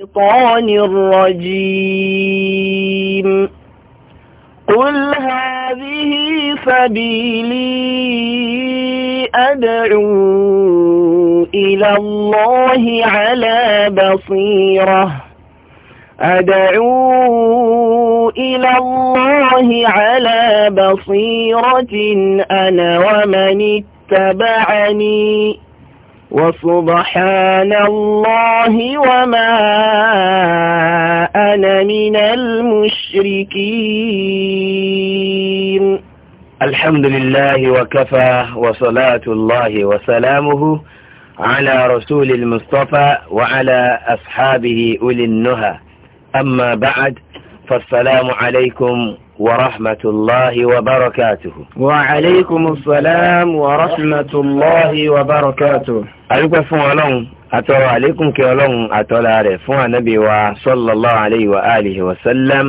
الشيطان الرجيم قل هذه سبيلي أدعو إلى الله على بصيرة أدعو إلى الله على بصيرة أنا ومن اتبعني وسبحان الله وما أنا من المشركين الحمد لله وكفى وصلاة الله وسلامه على رسول المصطفى وعلى أصحابه أولي النهى أما بعد فالسلام عليكم ورحمة الله وبركاته وعليكم السلام ورحمة الله وبركاته àdúpẹ́ fún ọlọ́run àtọrọ àlékún kí ọlọ́run àtọ́lá rẹ̀ fún ànábì wa sallallahu alayhi wa alihi wa sallam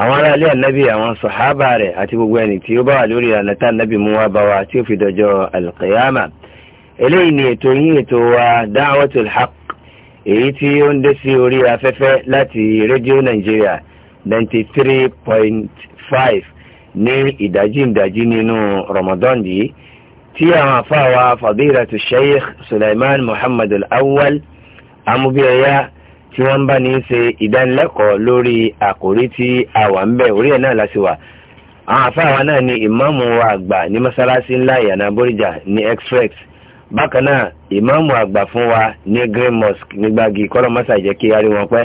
àwọn aráàlú ànábì àwọn sàhábà rẹ̀ àti gbogbo ẹni tí ó bá wà lórí ànátà ànábì mú wa bá wa tí ó fi dọjọ́ alqiyama eléyìí ni ètò yín ètò wa da'watul haqq èyí tí ó ń dé sí orí afẹ́fẹ́ láti rédíò nàìjíríà ninety three point five ní ìdájí ìdájí nínú ramadan yìí tí àwọn afáwa fadilatu sheikh suleiman muhammad al-awwal amúbíọ̀yá tí wọ́n bá ní í ṣe ìdánilẹ́kọ̀ọ́ lórí àkòrí tí a wà ń bẹ̀ orí ẹ̀ náà láti wà àwọn afáwa náà ni ìmáàmù wa àgbà ní mọ́sálásí ńlá ìyànà bóríjà ní express bákan náà ìmáàmù àgbà fún wa ní green mosque ní gbági kọ́lọ́mọ́sà jẹ́ kí a wọn pẹ́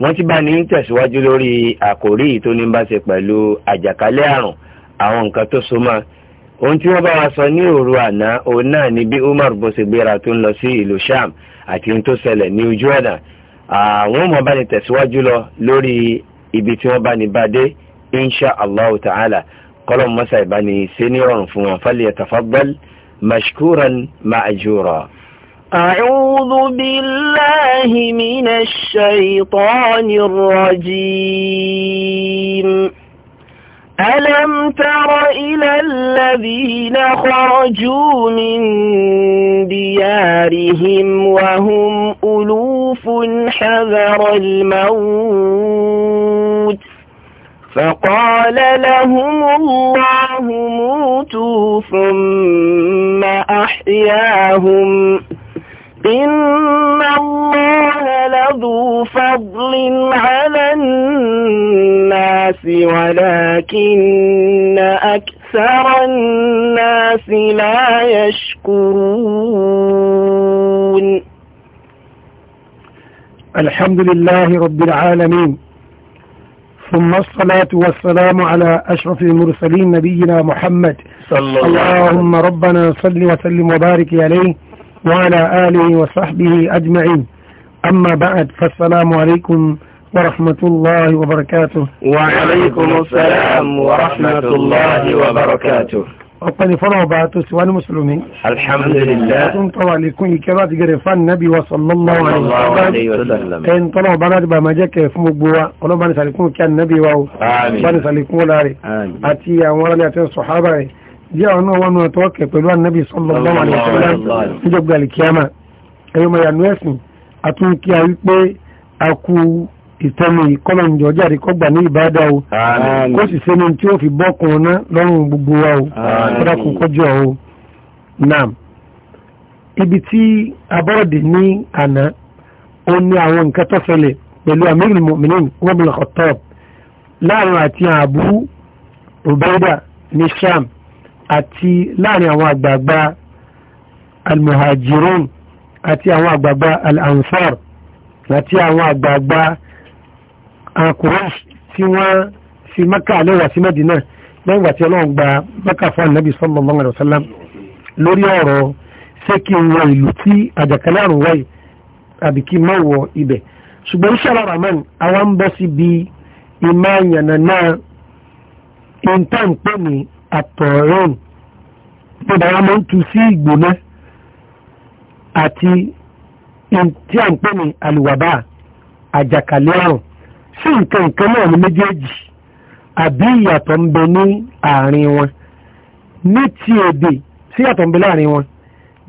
wọ́n ti bá ní tẹ̀síwájú lórí àkòrí tó ní bá ṣe pẹ̀lú àjàkálẹ̀ àrùn àwọn nǹkan tó so mọ́ ohun tí wọ́n bá wa sọ ní òru àná òun náà ni bí Umar bó ṣe gbéra tó ń lọ sí ìlú Sham àti ohun tó ṣẹlẹ̀ ní ojú ọ̀nà àwọn ọmọ bá ní tẹ̀síwájú lọ lórí ibi tí wọ́n bá ní bá insha Allah ta'ala kọ́lọ̀ mọ́sá ìbáni ṣe ní ọ̀rùn fún wọn falyatafaddal mashkuran ma'jura. أعوذ بالله من الشيطان الرجيم ألم تر إلى الذين خرجوا من ديارهم وهم ألوف حذر الموت فقال لهم الله موتوا ثم أحياهم إن الله لذو فضل على الناس ولكن أكثر الناس لا يشكرون الحمد لله رب العالمين ثم الصلاة والسلام على أشرف المرسلين نبينا محمد صلى الله عليه وسلم اللهم ربنا صل وسلم وبارك عليه وعلى آله وصحبه أجمعين أما بعد فالسلام عليكم ورحمة الله وبركاته وعليكم السلام ورحمة الله وبركاته أقني فرع بعته سوى المسلمين الحمد لله أتم طبعا لكم إكرات جرفان نبي وصلى الله عليه وسلم إن طلعوا بنات بما جاك في مبوا ولو بنسالكم كان نبي وهو آمين بنسالكم لاري آمين أتي أموالي أتي الصحابة jẹ́ ọ̀nà wọn ọ̀tọ́ ọ̀kẹ́ pẹ̀lú ànábì sallallahu alaihi wasallam níjọba àlìkíyàmà ẹ̀yọ́mọ̀ ìyànú ẹ̀sìn àtúnkí a wípé a kú ìtẹ́nu ìkọ́lọ̀ ìjọ jáde kọ́gbà ní ìbádá o kó sì sẹ́ni tí ó fi nam ibi tí abọ́ọ̀dì ní àná ó ní àwọn nǹkan tó fẹlẹ̀ pẹ̀lú amirul mu'minin Umar àti láàrin àwọn àgbààgbà almuhajirun àti àwọn àgbààgbà alansar àti àwọn àgbààgbà akùrẹ́ṣ tí wọ́n fi maka lẹ́wà sí mẹ́dínà lẹ́gbà tí ọlọ́run gba maka fún ànábì sallallahu alaihi wasallam lórí ọ̀rọ̀ ṣé kí n wọ ìlú tí àjàkálẹ̀ àrùn wáyé àbí kí n má wọ ibẹ̀ ṣùgbọ́n iṣẹ́ aláramán àwọn bọ́ sí bí ìmáyànnà náà ìntàn pè ní àtọ̀rẹ́n tó dára mọ́ ń tu sí ìgbóná àti tí a ń pè ní àlùwàbá àjàkálẹ̀ àrùn sí nǹkan nǹkan náà ní méjèèjì àbí ìyàtọ̀ ń bẹ ní àárín wọn ní ti èdè sí ìyàtọ̀ ń bẹ láàárín wọn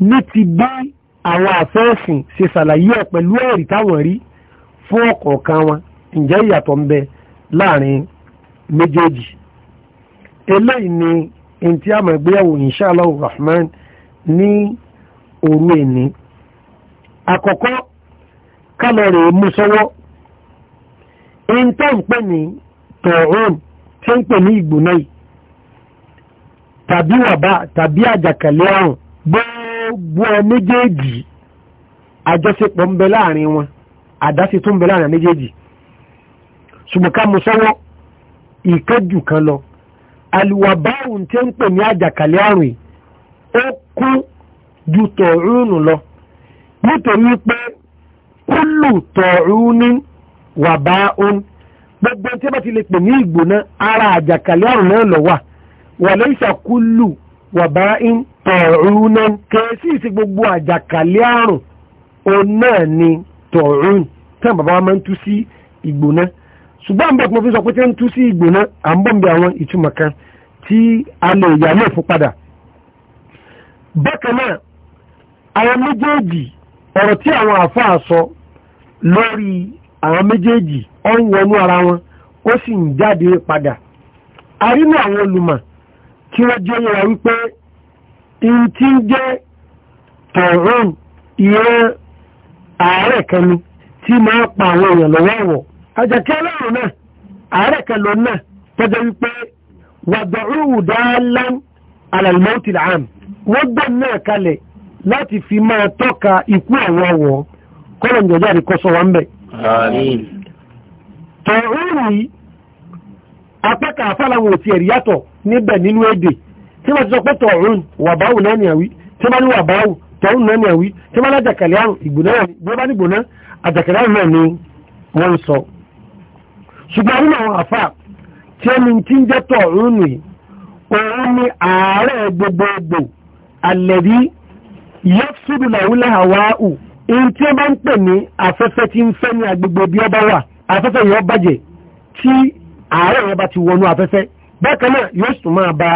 ní ti bí àwọn àfẹ́ẹ̀sìn ṣe ṣàlàyé ẹ̀ pẹ̀lú ẹ̀rí táwọn rí fún ọ̀kọ̀ọ̀kan wọn ǹjẹ́ ìyàtọ̀ ń bẹ láàárín méjèèjì eléyìí ni in tí a mọ̀ ìgbéyàwó inshallah rahman ní òru èní àkọ́kọ́ kálọ̀rì mú sọ́wọ́ in tó ń pè ní tọ̀hún tí ń pè ní ìgbóná yìí tàbí wàbá tàbí àjàkálẹ̀ àrùn gbogbo ẹ méjèèjì àjọṣepọ̀ ń bẹ láàrin wọn àdáṣe tó ń bẹ láàrin méjèèjì ṣùgbọ́n ká mú ìkẹ́jù kan lọ àlùwàbáwùn tí ń pè ní àjàkálẹ̀ àrùn ó kú ju tọ̀rúnù lọ nítorí pé kúlù tọ̀rúnù wàbá òun gbogbo tí bá ti lè pè ní ìgbóná ara àjàkálẹ̀ àrùn náà lọ wà wàlẹ́ ìṣàkúlù wàbá ń tọ̀rúnù kẹ́sì sí gbogbo àjàkálẹ̀ àrùn òun náà ni tọ̀rúnù tí àwọn bàbá wa máa ń tú sí ìgbóná. ṣùgbọ́n bẹ́ẹ̀ mo fi sọ pé tí ń tú sí ìgbóná à ń bọ̀m̀bẹ̀ àwọn ìtumọ̀ kan tí a lè yà lè fún padà bákan náà àwọn méjèèjì ọ̀rọ̀ tí àwọn àáfàá sọ lórí àwọn méjèèjì ó ń wọnú ara wọn ó sì ń padà a rí nínú àwọn olùmọ̀ kí pa àwọn èèyàn lọ́wọ́ àjàkí aláàrùn náà ààrẹ kẹlọ náà tọ́jọ́ wípé wàdọ̀rúhù dáálán alàlmọ́tì àm wọ́n gbọ́ náà kalẹ̀ láti fi máa tọ́ka ikú àwọn ọ̀wọ́ kọ́lọ̀ ìjọba àti kọ́sọ̀ wa ń bẹ̀. tọ̀rúhù yìí apẹ́ka àfàlàwọ̀ òtí ẹ̀rí yàtọ̀ níbẹ̀ nínú èdè tí wọ́n ti sọ pé tọ̀rún wàbáwù náà ní àwí tí wọ́n ní wàbáwù tọ̀rún náà ní àwí tí wọ́n lájàkálẹ̀ àrùn ìgbóná àjàkálẹ̀ àrùn náà ni wọ́n ń sọ ṣùgbọ́n nínú àwọn àfà tí ẹni tí ń jẹ́ tọ̀ rúnù yìí òun ni ààrẹ gbogbogbò àlẹ́rí yẹ́sùdù làwúlẹ̀ àwáhù in tí ó bá ń pè ní afẹ́fẹ́ tí ń fẹ́ ní agbègbè bí ọba wà afẹ́fẹ́ yóò bàjẹ́ tí ààrẹ yẹn bá ti wọnú afẹ́fẹ́ bákan náà yóò sùn máa ba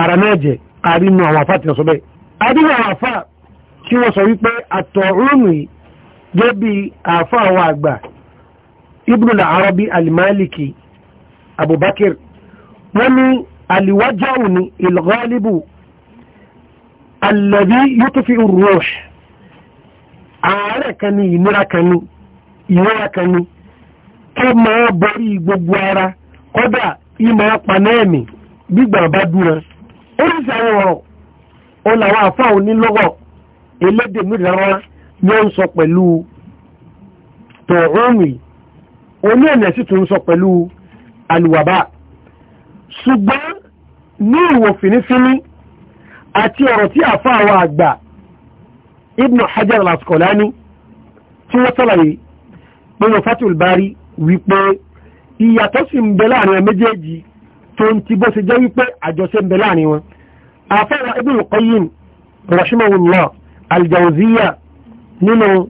ara náà jẹ àrínú àwọn àfà tí wọ́n sọ bẹ́ẹ̀ adínú àwọn àfà tí wọ́n sọ wípé àtọ̀ rúnù yìí àwọn àgbà ibn al-arabi al-maliki abubakar wọ́n ní aliwajawu ni ilghalibu alladhi yutufi ar-ruh ààrẹ kan ni ìnira kan ni ìnira kan ni tó máa borí gbogbo ara kódà ìmọ̀ panẹ́ẹ̀mì gbígbà bá dúra oríṣi àwọn ọ̀rọ̀ ó làwọn àfáà onílọ́gọ̀ elédè sọ pẹ̀lú tọ̀húnmì oní ẹ̀nà sì tún sọ pẹ̀lú alùwàbá ṣùgbọ́n ní ìwò fìnífíní àti ọ̀rọ̀ tí àfáàwà àgbà Ibn Hajar al-Asqalani tí wọ́n sọ́làyé pẹ̀lú Fathul Bari wípé ìyàtọ̀ sì ń bẹ láàrin méjèèjì tó ń ti bó ṣe jẹ́ wípé àjọṣe ń bẹ láàrin wọn àfáàwà Ibn Qayyim rahimahullah al nínú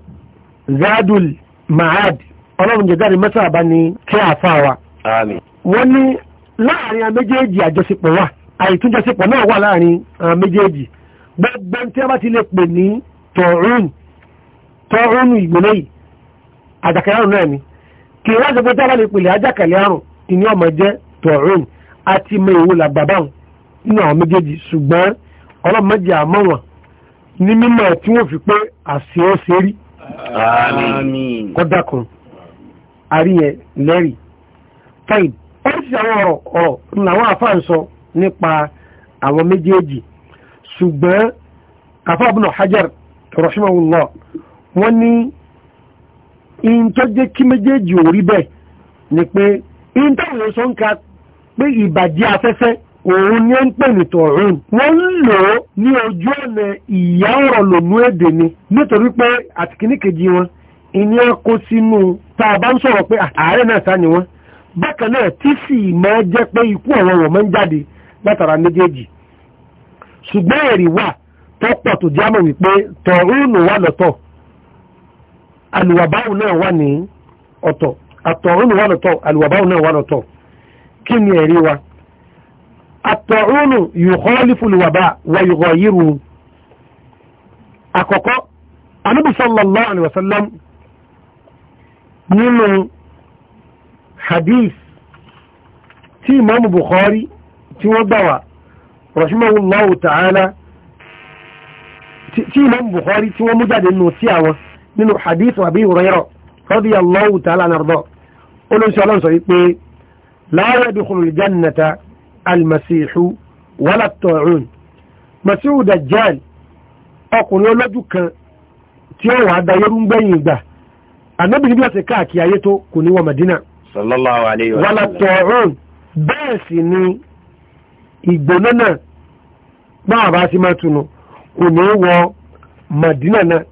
Zadul Ma'ad ọlọ́run jẹ́ jáde mẹ́ta bá ní kí àfa wa. wọ́n ní láàrin àwọn méjèèjì àjọṣepọ̀ wà àìtúnjọṣepọ̀ náà wà láàrin àwọn méjèèjì gbogbo tí a bá ti lè pè ní tọ̀rún tọ̀rún ìgbélé yìí àjàkálẹ̀ àrùn náà ni kì í wá ṣe pé tí a bá lè pè lè àjàkálẹ̀ àrùn ìní ọmọ jẹ́ tọ̀rún àti mọ ìwò nínú àwọn méjèèjì ṣùgbọ́n ọlọ́run àríyẹn lẹ́rì fain. oríṣi àwọn ọ̀rọ̀ ọ̀rọ̀ làwọn àfáà ń sọ nípa àwọn méjèèjì ṣùgbọ́n àfáà Ibn Hajar wọ́n ní in tó jẹ́ kí méjèèjì ò rí bẹ́ẹ̀ ni pé in táwọn èèyàn sọ ń ka pé ìbàjẹ́ afẹ́fẹ́ òun ni ó ń pè ní tọ̀rún wọ́n ń lò ó ní ojú ọ̀nà ìyá ọ̀rọ̀ lòmú èdè ni nítorí ìní ẹkọ sínú tá a bá ń sọ̀rọ̀ pé ah, ààrẹ náà sá ni wọ́n bákan náà tí sì máa jẹ́ pé ikú àwọn ọ̀rọ̀ máa ń jáde látara méjèèjì ṣùgbọ́n ẹ̀rí wà tó pọ̀ tó jámọ̀ wípé tọ̀rúnù wà lọ́tọ̀ àlùwàbáwù náà wà ní ọ̀tọ̀ àtọ̀rúnù wà lọ́tọ̀ àlùwàbáwù náà wà lọ́tọ̀ kí ni ẹ̀rí wa àtọ̀rúnù yukhalifu lùwàbá wa yughayyiru àkọ́kọ́ anábì sallallahu alaihi nínú hadith tí imamu bukhari tí wọ́n gbà wá rahimahullahu ta'ala tí imamu bukhari tí wọ́n mú jáde nínú sí àwọn nínú hadith abi hurayra radiyallahu ta'ala nardo olóńsọ olóńsọ wípé la yadkhulu al-jannata almasihu wala at-ta'un masihu dajjal ọkùnrin olójú kan tí ó ànábì níbi ọ̀sẹ̀ káàkiri ayé tó kò ní wọ Madina sallallahu alayhi wa sallam tọ̀rún bẹ́ẹ̀ sì ni ìgbóná náà báwa bá sí máa tunu kò ní wọ Madina náà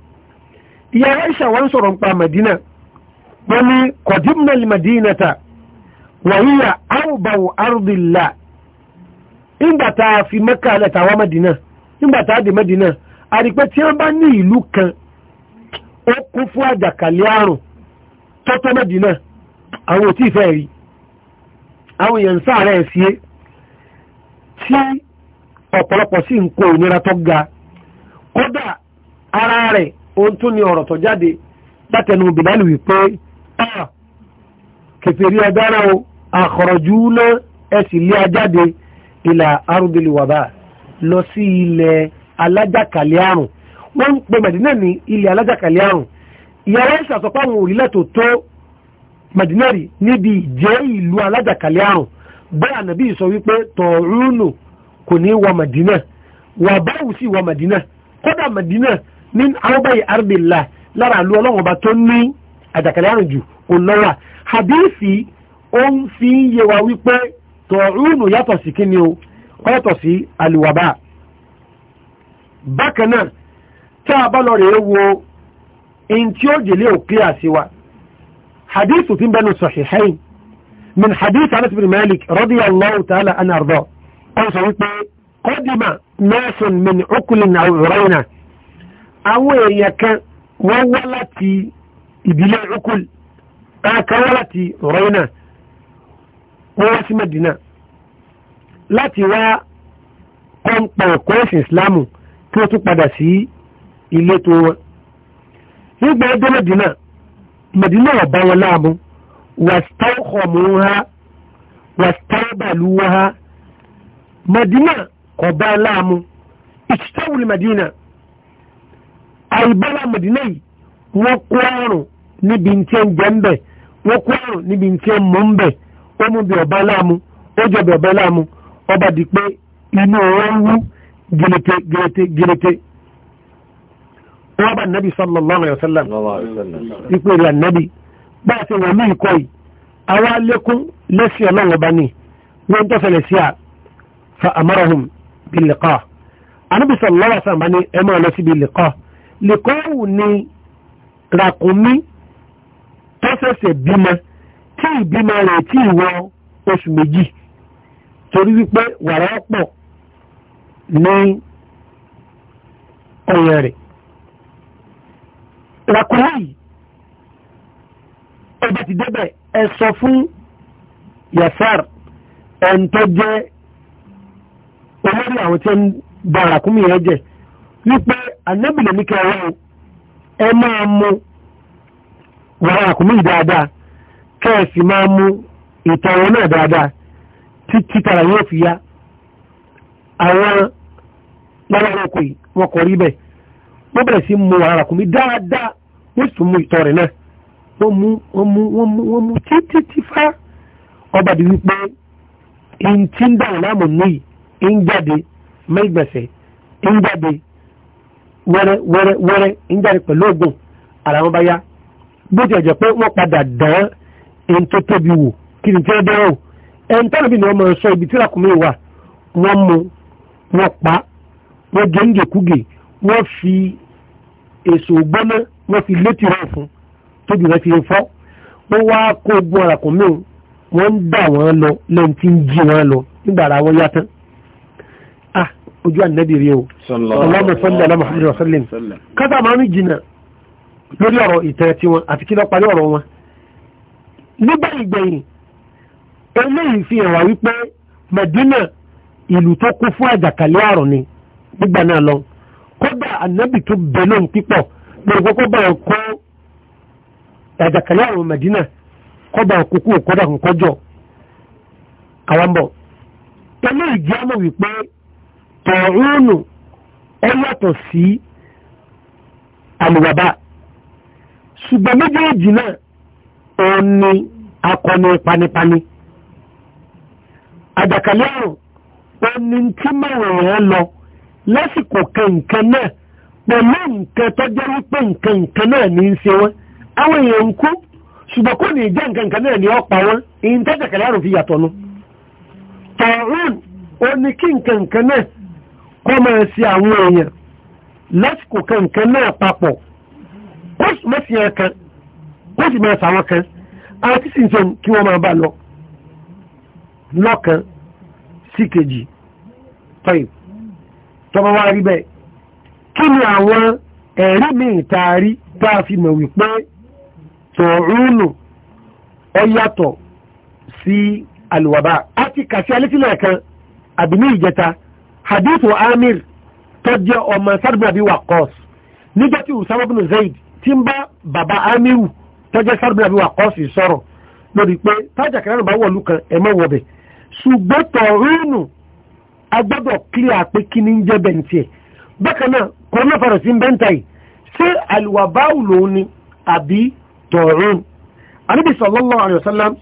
ìyá Aisha wọn sọ̀rọ̀ nípa Madina wọn ni qadimna al-Madina ta wa hiya arba'u ardillah nígbà tá a fi Mẹ́kà lẹ́ta Madina nígbà tá a dé Madina àdìpẹ́ tí wọ́n bá ní ìlú kan kún fún àjàkálẹ̀ àrùn tọ́tọ́ mẹ́dínà àwọn òtí ìfẹ́ rí àwọn èèyàn sáàrẹ̀ ẹ̀sí é tí ọ̀pọ̀lọpọ̀ sí ń kó ìnira tó ga kódà ara rẹ̀ ohun tó ní ọ̀rọ̀ tó jáde látẹnu bìlálì wípé ah, kẹfẹ́rí agbára o àkọ̀rọ̀jú náà ẹ̀sì lé ajáde ìlà arúgbìlìwàbà lọ sí ilẹ̀ alájàkálẹ̀ àrùn wọ́n ń pe mẹ̀dínà ní ilẹ̀ alájàkálẹ̀ àrùn ìyàrá ìṣàsọpá àwọn òrìlẹ̀ tó tó mẹ̀dínẹ́rì níbi ìjẹ́ ìlú alájàkálẹ̀ àrùn bẹ́ẹ̀ ànàbí sọ wípé tọ̀rúnù kò ní wọ mẹ̀dínà wà báwù sí wọ mẹ̀dínà kódà mẹ̀dínà ní arúgbáyé ardìlá lára àlú ọlọ́run ọba tó ní àjàkálẹ̀ àrùn jù kò lọ́wà hadisi ó ń fi ń yé wa wípé tọ̀rúnù yàtọ̀ sí kíni o yàtọ̀ sí àlùwàbá bákan náà tá a bá lọ rèé wo in tí ó jèlé ò kíyà sí wa hadith tí ń bẹnu sahihayn min hadith anas bin malik radiyallahu ta'ala an arda wọ́n sọ wípé qadima nasun min ukulin aw ghurayna àwọn èèyàn kan wọ́n wá láti ìbílẹ̀ ukul kan wá láti ghurayna wọ́n wá sí madina láti wá pọ́npọ̀ kọ́ẹ̀sì islamu kí tún padà sí ilé tó wọn nígbà ẹgbẹ́ mẹ́dínà mẹ́dínà ọ̀bá wọn láàmú wàstáwọ̀mùhá wàstáwọ̀bàlúwá mẹ́dínà ọ̀bá láàmú ìṣẹ́wùlì mẹ́dínà àìbára mẹ́dínà yìí wọ́n kó àrùn níbi tí ń jẹ́ ń bẹ̀ wọ́n kó àrùn níbi tí ń ń ọba di wú wọ́n bá nàbí sallallahu alayhi wa sallam ipò ìlà nàbí bá a ti wọ̀ ní ìkọ́ yìí àwọn alẹ́kùn lẹ́sìn ọlọ́run ọba ní wọ́n tó fẹ̀lẹ̀ sí à fa amarahum bil liqa anábì sallallahu alayhi wa sallam bá ní ẹ máa lọ sí bil liqa liqa wù ní ràkúnmí tó bímọ tí ìbímọ rẹ̀ tí ìwọ oṣù méjì torí wípé wàrà ọ̀pọ̀ ní ọyàn rẹ̀ ràkúnrin ọba ti débẹ̀ ẹ sọ fún yasar ẹn tó jẹ́ olórí àwọn tí ń ba ràkúnrin yẹn jẹ́ wípé anábìlẹ̀ ní ẹ máa mú wàrà ràkúnrin dáadáa kẹ́ẹ̀sì máa mú ìtọ̀wọ́ náà dáadáa yóò fi ya àwọn lọ́wọ́ ọkọ̀ wọ́n bẹ̀rẹ̀ sí mu ara kùnmí dáadáa wọ́n sì tún mu ìtọ̀ rẹ̀ náà wọ́n mu wọ́n mu wọ́n mu wọ́n mu títí tí fá ọba di wípé n ti ń dàrú láàmú níyì ń jáde mẹ́gbẹ̀sẹ̀ ń jáde wẹ́rẹ́ wẹ́rẹ́ wẹ́rẹ́ ń jáde pẹ̀lú ògùn ara wọn bá yá bó ti ẹ̀jẹ̀ pé wọ́n padà dán ẹni tó tóbi wò kí ni tí wọ́n dán wò ẹni tó níbi ni wọ́n máa sọ ibi tí làkúnmí wà wọ́n mu wọ́n pa wọ́n gé ń gèkúgè wọ́n fi èso gbọ́ná wọ́n fi létí rẹ̀ fún tóbi rẹ̀ fi fọ́ wọ́n wá kó ogun àràkùn mìíràn wọ́n ń dà wọ́n lọ lẹ́yìn tí ń jí wọ́n lọ nígbà ara wọn yá tán ah ojú ànábì rí o ọlọ́mọ sọ́lẹ̀ ọlọ́mọ hamadu ọ̀sọ́lẹ̀ kátà máa ń jìnnà lórí ọ̀rọ̀ ìtẹ́ tiwọn àti kí lọ́ọ́ parí ọ̀rọ̀ wọn nígbà ìgbẹ̀yìn eléyìí fi hàn wá wípé Madina ìlú tó kún fún àjàkálẹ̀ àrùn ni nígbà náà lọ́wọ́ ànábì tó bẹ pípọ̀ gbogbo kó bá ń àwọn mẹ̀dínà kó bá kọ́dà kọjọ àwọn bọ̀. eléyìí jẹ́ wípé tọ̀rùnù ọ sí ni akọni panipani Adakali àrùn òun ni tí rẹ̀ lọ lásìkò náà pẹ̀lú nǹkan tó jẹ́ wípé nǹkan nǹkan náà ní í ṣe wọ́n àwọn èèyàn ń kú ṣùgbọ́n kò ní jẹ́ nǹkan nǹkan náà ní ọ̀pá wọn èyí tó jẹ̀kẹ̀lẹ́ àrùn fi yàtọ̀ nu. tọ̀rún ó ní kí nǹkan nǹkan náà kọ́ máa ṣe àwọn èèyàn lásìkò kan nǹkan náà papọ̀ kó sì mọ̀ sí ẹ̀ kó sì máa ṣàwọn kan àti sì kí wọ́n máa bá lọ lọ́kan sí kejì tọ́yìn tọ́ba wá rí bẹ́ẹ̀ kí ni àwọn ẹ̀rí mi ìtaari tá a fi mọ̀ wípé tọ̀rúnù ọ yàtọ̀ sí alùwàbá a ti kàṣí alẹ́sílẹ̀ kan àbínú ìjẹta hadithu amir tó jẹ́ ọmọ sáràbí wakọ́s nígbà tí usama bin zaid ti ń bá bàbá amiru tó jẹ́ sáràbí wakọ́s sọ̀rọ̀ lórí pé tájà kẹrẹ́rù bá wọ̀lú kan ẹ̀mọ́ wọ̀bẹ̀ ṣùgbọ́n tọ̀rúnù agbọ́dọ̀ wọn náà fọ̀rọ̀ sí bẹ́ńtà yìí ṣé àlùwàbáwù lòun ni àbí tọ̀rún anábì sallallahu alayhi wa sallam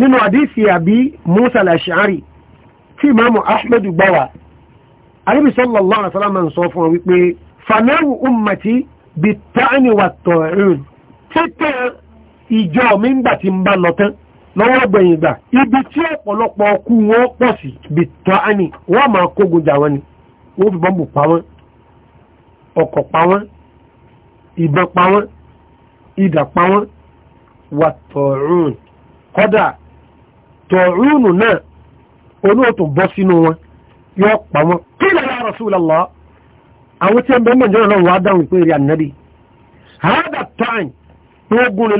nínú àdísì àbí musa al-ash'ari tí imaamu ahmed gbà wá anábì sallallahu alayhi wa sallam ń sọ fún wa wípé fanáwù ummati bi ta'ni wa tọ̀rún títẹ̀ ìjọ mi ń gbà tí ń bá lọ tán lọ́wọ́ gbẹ̀yìn gbà ibi tí ọ̀pọ̀lọpọ̀ ọkú wọn pọ̀ sí bìtọ́ àní wọ́n máa kógun jà wọn ni wọ́n fi bọ́ǹbù pa wọ́n ọkọ̀ pa wọ́n ìbọn pa wọ́n ìdà pa wà tọ̀rún kọ́dà tọ̀rún náà olóòtú bọ́ sínú wọn yóò pa kí lè la Rasulullah àwọn tí ń mọ̀ náà wà dáhùn ìpínlẹ̀ time wọ́n gún ni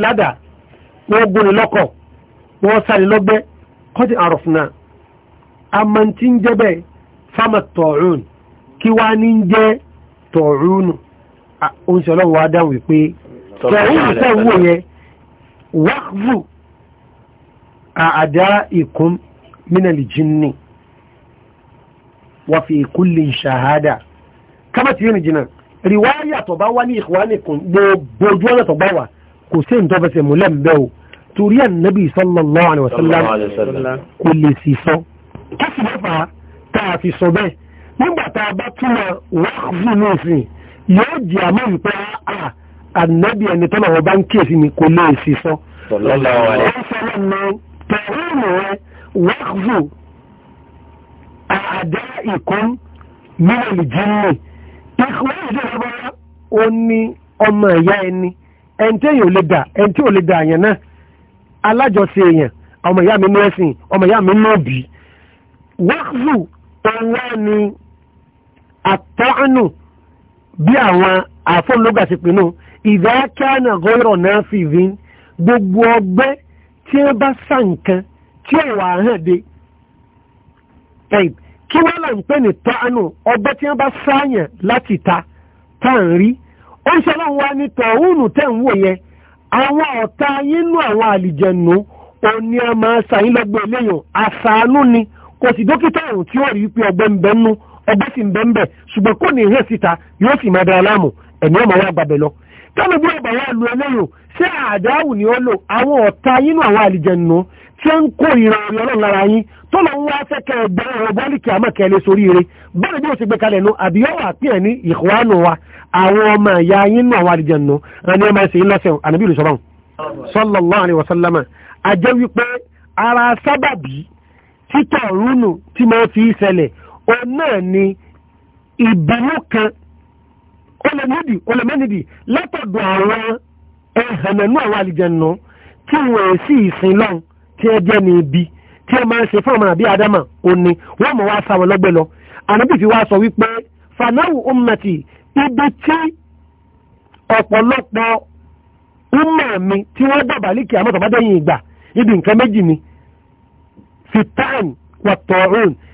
wọ́n gún tọ̀rúnù oúnjẹ ọlọ́wọ́ adáhùn wípé tọ̀rúnù tẹ́wọ́ yẹn wákùú àdá ikùn mínàlì jínní wà fi kulli ṣàhádà kábàtì yẹn jìnnà riwáyà tó bá wá ní ikhwanikum gbogbo ojú ọ̀nà tó bá wà kò sí ìtọ́fẹsẹ̀ múlẹ̀ ń bẹ́ o torí ànábì sallallahu alaihi wasallam kò lè sì sọ kí sì bá fà á tá sọ bẹ́ẹ̀ nígbàtà bá túnmọ̀ wáàfù ní ìsìn yóò jẹ́ àmọ́ ìpẹ́ ànábì ẹni tọ́nà ọba ń kíyèsí ni kò lè sì sọ. tẹ̀rínù rẹ wáàfù àdá ìkún mílíọ̀nù jínní ìkúwé ìjọba ó ní ọmọ ìyá ẹni ẹni tí èèyàn ò lè dà ẹni tí ò lè dà àyàn alájọsí èèyàn ọmọ ìyá mi ní ẹ̀sìn ọmọ ìyá mi ní òbí wáàfù ọwọ́ ni. àtọ́nù bí àwọn àfọ́nlógàsípinú ìdákẹ́ánà gọ́rọ̀ náà fi rí gbogbo ọgbẹ́ tí wọ́n bá sá nǹkan tí wà hàn dé kí wọ́n là pè ní tọ́nù ọgbẹ́ tí wọ́n bá sáyàn láti ta tá rí ó ń ṣe láwọn ní tọ̀húnù tẹ̀ ń wò yẹn àwọn ọ̀tá yínú a àṣàánú ni kò dókítà ọ̀hún tí wọ́n rí pé ọgbẹ́ ń ọgbẹ́ sì ń bẹ́ ń bẹ̀ ṣùgbọ́n kò ní hẹ́ síta yóò sì máa da aláàmù ẹ̀mí ọmọ wa gbàbẹ̀ lọ. tọ́lú bí ọba wa lu ẹlẹ́yìn ṣé àdáwù ni ó lò àwọn ọ̀tá yínú àwọn àlìjẹnu tí ó ń kó ìran ọ̀rẹ́ ọlọ́run lára yín tó ń wá fẹ́kẹ́ ẹgbẹ́ ọ̀rọ̀ bọ́ọ̀lìkì àmọ́ kẹlẹ́ sórí ire báyìí bí ó ti gbé kalẹ̀ nu àbí yóò wà pín ẹ̀ ní ìhùwánu wa àwọn ọmọ ìyá yín nù àwọn àlìjẹnu ẹni ọmọ ẹsẹ̀ yín lọ́sẹ̀ ànábì olùsọ̀rọ̀ sallallahu alaihi wasallam ajẹ́ wípé ara sábàbí títọ̀ rúnù tí mo fi ṣẹlẹ̀ òun náà ni ìbínú kan ọlọ́mọdì ọlọ́mọdì látọ̀dọ̀ àwọn ẹ̀hànánú àwọn àlìjẹ̀nù tí wọ́n sì ìsìn lọ́n tí ẹ jẹ́ ní ibi tí ẹ máa ń ṣe fún ọmọ àbí adama òní wọ́n mọ̀ wá sáwọn lọ́gbẹ́ lọ ànábì fi wá sọ wípé fanáwù ummati ibi tí ọ̀pọ̀lọpọ̀ umma mi tí wọ́n dàbà líkì àmọ́tọ̀bádẹ́yìn ìgbà ibi nǹkan méjì ni fitan wàtọ̀ọ̀rùn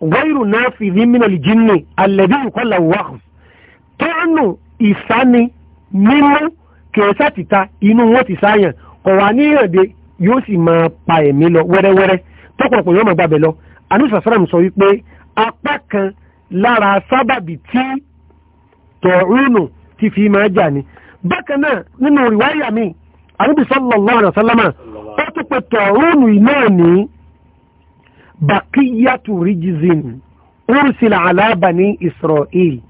wẹ́rù náà fi ní mínàlì jínì alẹ́bí ìkọlà wàhùn tọ́nù ìsáni mímú kẹsà tìta inú wọn ti sáyàn kọ̀wá ní ìrìnàdè yóò sì máa pa ẹ̀mí lọ wẹ́rẹ́wẹ́rẹ́ tọkọ̀pọ̀ yóò máa gbàbẹ̀ lọ anúṣà sọ́rọ̀ sọ wípé apá kan lára sábàbí tí tọ̀rùnù ti fi máa jà ni bákan náà nínú rìwáyà mi àníbi sallallahu alaihi wasallam ó tún pe tọ̀rùnù náà ní bakiyatu rijizin ursila ala bani israel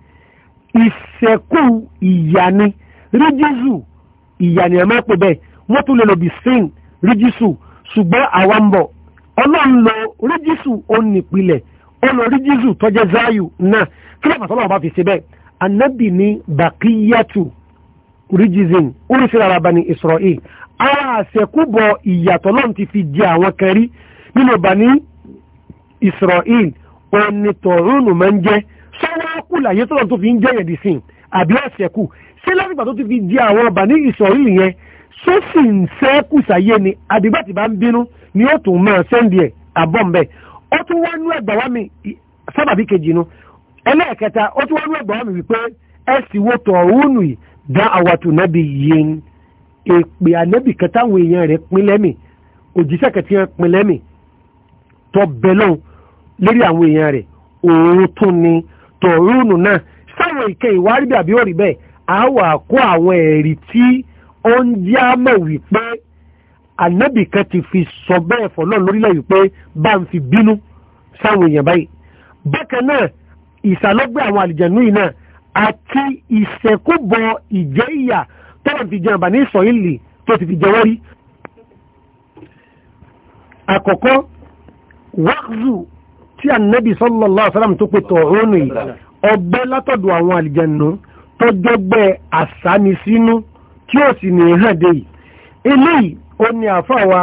ìṣẹ́kù ìyàní ríjísù ìyàní ẹ̀mọ́ pé bẹ́ẹ̀ wọ́n tún lè lò bí sin ríjísù ṣùgbọ́n àwa ń bọ̀ ọlọ́run lo ríjísù onípìlẹ̀ ọlọ ríjísù tọ́jẹ́ záyù náà kí ló pàtàkì ọba fi ṣe bẹ́ẹ̀ anabi ní bakiyatu rijizin ursila ala bani israel ara àṣẹkù bọ ìyàtọ̀ lọ́n ti fi jẹ àwọn kẹrí nínú bani israel Israel òun ni tọ̀rùnù máa ń jẹ́ sọ́wọ́ kù láyé tọ́lọ̀ tó fi ń jẹ́yẹ̀ dì sìn àbí ọ̀sẹ̀ kù ṣé lásìgbà tó ti fi di àwọn ọba ní Israel yẹn só sì ń fẹ́ kù sáyé ni àdìgbà tí bá ń bínú ni ó tún máa sẹ́ndì ẹ̀ àbọ̀ ń bẹ̀ ó tún wá nú ẹgbà wá mi sábàbí kejì nu ẹlẹ́ẹ̀kẹta ó tún wá nú ẹgbà wá mi wípé ẹ sì wo tọ̀rùnù yìí dá àwàtò nábì yìí èpè ànábì kẹta àwọn èèyàn rẹ̀ pin òjíṣẹ́ kẹtì yẹn pin lẹ́mì tọ́ bẹ́lọ́hùn lérí àwọn èèyàn rẹ̀ òun tún ni tọ̀rúnù náà sáwọn ìkẹ́ ìwárí dàbí òrí bẹ́ẹ̀ a wà kó àwọn ẹ̀rí tí ó ń jẹ́ àmọ̀ wípé ànábì kan ti fi sọ bẹ́ẹ̀ fọ́nà lórílẹ̀ wípé bá ń fi bínú sáwọn èèyàn báyìí bákan náà ìsàlọ́gbẹ́ àwọn àlìjẹ̀nú yìí náà àti ìṣẹ̀kúbọ ìjẹ́ ìyà tó ń fi jẹun àbáni ìsọ̀yìnlì tó ti fi jẹ wọ́rí. àkọ́kọ́ wáxù tí ànábì sallallahu alaihi wasallam tó pe tọ̀húnù yìí ọgbẹ́ látọ̀dọ̀ àwọn àlìjẹnu tó jọgbẹ́ àsánìsínú tí ó sì ní hàn dé yìí eléyìí ó ní àfáwa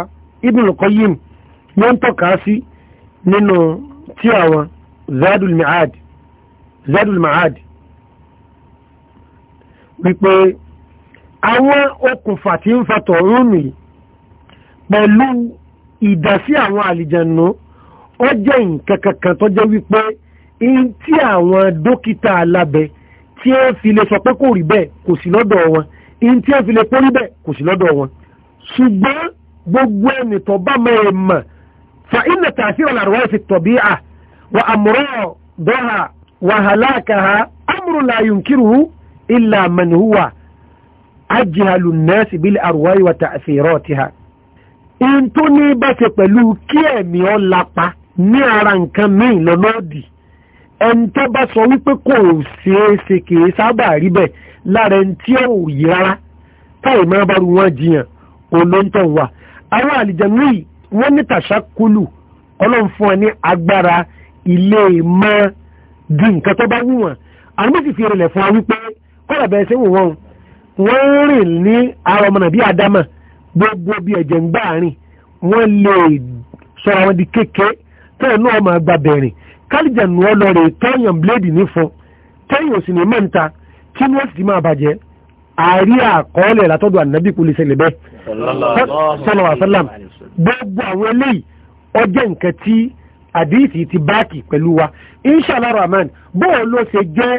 Ibn Qayyim ló ń tọ́ka sí nínú tí àwọn Zadul wípé àwọn okùnfà tí ń fa tọ̀húnù yìí pẹ̀lú ìdásí àwọn àlìjẹnu ó jẹ́ nǹkan kankan tó jẹ́ wípé in tí àwọn dókítà alábẹ tí ó fi lè sọ pé kò rí bẹ́ẹ̀ kò sí lọ́dọ̀ wọn in tí ó fi lè pórí bẹ́ẹ̀ kò sí lọ́dọ̀ wọn ṣùgbọ́n gbogbo ẹni tó bá mẹ́rin mọ̀ fa inna ta'thira al-arwahi fi at-tabi'a wa amradaha wa halakaha amrun la yunkiruhu illa man huwa ajhalu an-nasi bil-arwahi wa ta'thiratiha in tó ní bá ṣe pẹ̀lú kí ẹ̀mí ọ lapa ní ara nǹkan míì lọ́lọ́ọ̀dì ẹni tó bá sọ wípé kò ṣeé ṣe kìí sábà rí bẹ́ẹ̀ lára ẹni tí ò yí rárá táì máa bá ru wọn jiyàn olóńtọ̀ wà àwọn àlìjẹ̀nú yìí wọ́n ní tàṣákùlù ọlọ́run fún ẹ ní agbára ilé mọ́ di nǹkan tó bá wù wọ́n àwọn méjì fi rìnlẹ̀ fún wa wípé kọ́lá bẹ̀rẹ̀ sí wọ́n wọ́n rìn ní ara ọmọ nàbí àdámà gbogbo bí ẹ̀jẹ̀ ń gbà rìn wọ́n lè sọ̀rọ̀ àwọn di kékeré tẹ́ẹ̀nú ọmọ àgbà bẹ̀rìn kálíjà nù ọ lọ́ọ̀rẹ́ tọ́yàn bíléèdì ní fún tẹ́yìn òsì ní mẹ́ta tí wọ́n sì máa bàjẹ́ àárí àkọọ́lẹ̀ látọ́dọ̀ ànábì kò lè ṣẹlẹ̀ bẹ́ẹ̀ sọlọ àṣálàm gbogbo àwọn eléyìí ọjọ́ nǹkan tí àdéhìsì ti báàkì pẹ̀lú wa inshàlá rahman bóun ló ṣe jẹ́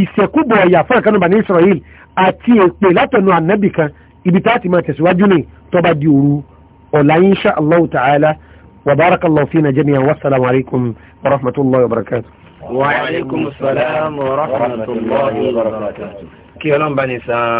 ìṣẹ̀kúbọ̀ ọ̀yà fún àkànnà bani israel àti èpè látọ̀nù ànábì kan ibi tá a ti máa tẹ̀síwájú ní tó bá di òru ọ̀la inshàlá ta'ala وبارك الله فينا جميعا والسلام عليكم ورحمة الله وبركاته وعليكم السلام ورحمة الله وبركاته kí ọlọ́mbà